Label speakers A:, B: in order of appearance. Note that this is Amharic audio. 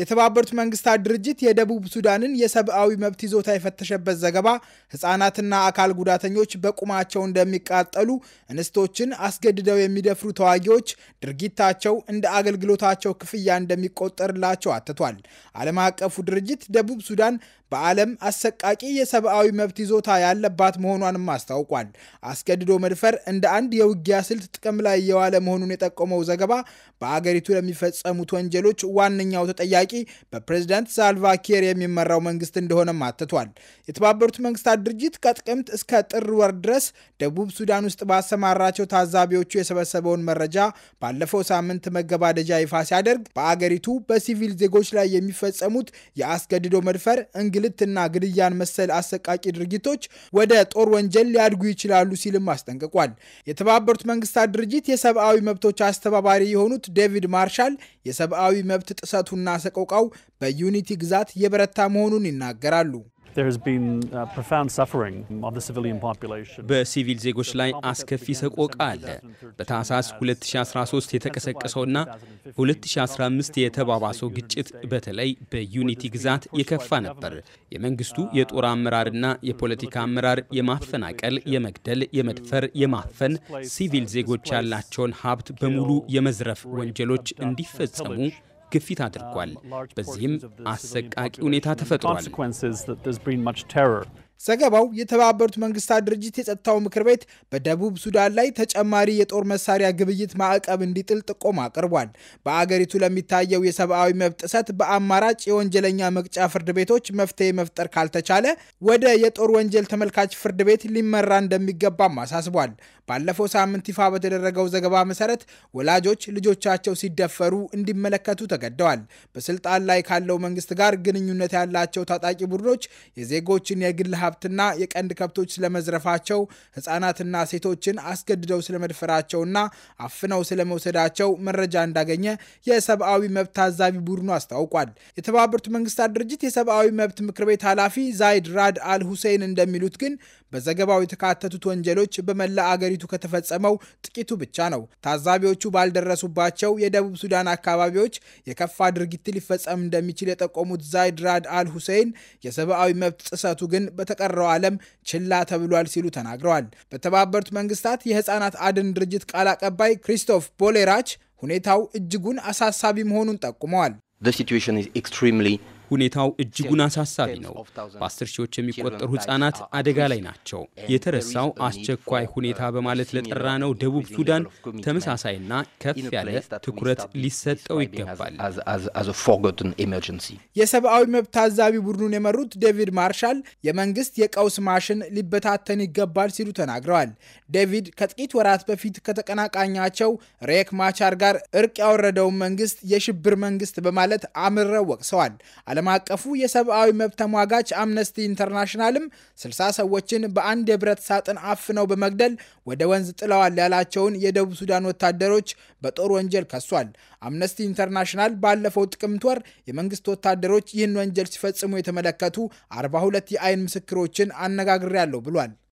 A: የተባበሩት መንግስታት ድርጅት የደቡብ ሱዳንን የሰብአዊ መብት ይዞታ የፈተሸበት ዘገባ ህጻናትና አካል ጉዳተኞች በቁማቸው እንደሚቃጠሉ፣ እንስቶችን አስገድደው የሚደፍሩ ተዋጊዎች ድርጊታቸው እንደ አገልግሎታቸው ክፍያ እንደሚቆጠርላቸው አትቷል። ዓለም አቀፉ ድርጅት ደቡብ ሱዳን በዓለም አሰቃቂ የሰብአዊ መብት ይዞታ ያለባት መሆኗንም አስታውቋል። አስገድዶ መድፈር እንደ አንድ የውጊያ ስልት ጥቅም ላይ እየዋለ መሆኑን የጠቆመው ዘገባ በአገሪቱ ለሚፈጸሙት ወንጀሎች ዋነኛው ተጠያቂ ተጠያቂ በፕሬዝዳንት ሳልቫ የሚመራው መንግስት እንደሆነም አትቷል። የተባበሩት መንግስታት ድርጅት ከጥቅምት እስከ ጥር ወር ድረስ ደቡብ ሱዳን ውስጥ ባሰማራቸው ታዛቢዎቹ የሰበሰበውን መረጃ ባለፈው ሳምንት መገባደጃ ይፋ ሲያደርግ በአገሪቱ በሲቪል ዜጎች ላይ የሚፈጸሙት የአስገድዶ መድፈር፣ እንግልትና ግድያን መሰል አሰቃቂ ድርጊቶች ወደ ጦር ወንጀል ሊያድጉ ይችላሉ ሲልም አስጠንቅቋል። የተባበሩት መንግስታት ድርጅት የሰብአዊ መብቶች አስተባባሪ የሆኑት ዴቪድ ማርሻል የሰብአዊ መብት ጥሰቱና ሰቆቃው በዩኒቲ ግዛት የበረታ መሆኑን ይናገራሉ። uh,
B: በሲቪል ዜጎች ላይ አስከፊ ሰቆቃ አለ። በታህሳስ 2013 የተቀሰቀሰውና በ2015 የተባባሰው ግጭት በተለይ በዩኒቲ ግዛት የከፋ ነበር። የመንግስቱ የጦር አመራርና የፖለቲካ አመራር የማፈናቀል፣ የመግደል፣ የመድፈር፣ የማፈን ሲቪል ዜጎች ያላቸውን ሀብት በሙሉ የመዝረፍ ወንጀሎች እንዲፈጸሙ ግፊት አድርጓል። um, በዚህም አሰቃቂ ሁኔታ ተፈጥሯል።
A: ዘገባው የተባበሩት መንግስታት ድርጅት የጸጥታው ምክር ቤት በደቡብ ሱዳን ላይ ተጨማሪ የጦር መሳሪያ ግብይት ማዕቀብ እንዲጥል ጥቆም አቅርቧል። በአገሪቱ ለሚታየው የሰብአዊ መብት ጥሰት በአማራጭ የወንጀለኛ መቅጫ ፍርድ ቤቶች መፍትሄ መፍጠር ካልተቻለ ወደ የጦር ወንጀል ተመልካች ፍርድ ቤት ሊመራ እንደሚገባም አሳስቧል። ባለፈው ሳምንት ይፋ በተደረገው ዘገባ መሰረት ወላጆች ልጆቻቸው ሲደፈሩ እንዲመለከቱ ተገደዋል። በስልጣን ላይ ካለው መንግስት ጋር ግንኙነት ያላቸው ታጣቂ ቡድኖች የዜጎችን የግል ሀብትና የቀንድ ከብቶች ስለመዝረፋቸው፣ ህጻናትና ሴቶችን አስገድደው ስለመድፈራቸውና አፍነው ስለመውሰዳቸው መረጃ እንዳገኘ የሰብአዊ መብት ታዛቢ ቡድኑ አስታውቋል። የተባበሩት መንግስታት ድርጅት የሰብአዊ መብት ምክር ቤት ኃላፊ ዛይድ ራድ አል እንደሚሉት ግን በዘገባው የተካተቱት ወንጀሎች በመላ አገሪቱ ከተፈጸመው ጥቂቱ ብቻ ነው። ታዛቢዎቹ ባልደረሱባቸው የደቡብ ሱዳን አካባቢዎች የከፋ ድርጊት ሊፈጸም እንደሚችል የጠቆሙት ዛይድ ራድ አል ሁሴይን የሰብአዊ መብት ጥሰቱ ግን በተቀረው ዓለም ችላ ተብሏል ሲሉ ተናግረዋል። በተባበሩት መንግስታት የህፃናት አድን ድርጅት ቃል አቀባይ ክሪስቶፍ ቦሌራች ሁኔታው እጅጉን አሳሳቢ መሆኑን ጠቁመዋል።
B: ሁኔታው እጅጉን አሳሳቢ ነው። በአስር ሺዎች የሚቆጠሩ ህጻናት አደጋ ላይ ናቸው። የተረሳው አስቸኳይ ሁኔታ በማለት ለጠራ ነው ደቡብ ሱዳን ተመሳሳይና ከፍ ያለ ትኩረት ሊሰጠው ይገባል።
A: የሰብአዊ መብት ታዛቢ ቡድኑን የመሩት ዴቪድ ማርሻል የመንግስት የቀውስ ማሽን ሊበታተን ይገባል ሲሉ ተናግረዋል። ዴቪድ ከጥቂት ወራት በፊት ከተቀናቃኛቸው ሬክ ማቻር ጋር እርቅ ያወረደውን መንግስት የሽብር መንግስት በማለት አምረው ወቅሰዋል። ዓለም አቀፉ የሰብአዊ መብት ተሟጋች አምነስቲ ኢንተርናሽናልም ስልሳ ሰዎችን በአንድ የብረት ሳጥን አፍነው በመግደል ወደ ወንዝ ጥለዋል ያላቸውን የደቡብ ሱዳን ወታደሮች በጦር ወንጀል ከሷል። አምነስቲ ኢንተርናሽናል ባለፈው ጥቅምት ወር የመንግስት ወታደሮች ይህን ወንጀል ሲፈጽሙ የተመለከቱ 42 የአይን ምስክሮችን አነጋግሬያለሁ ብሏል።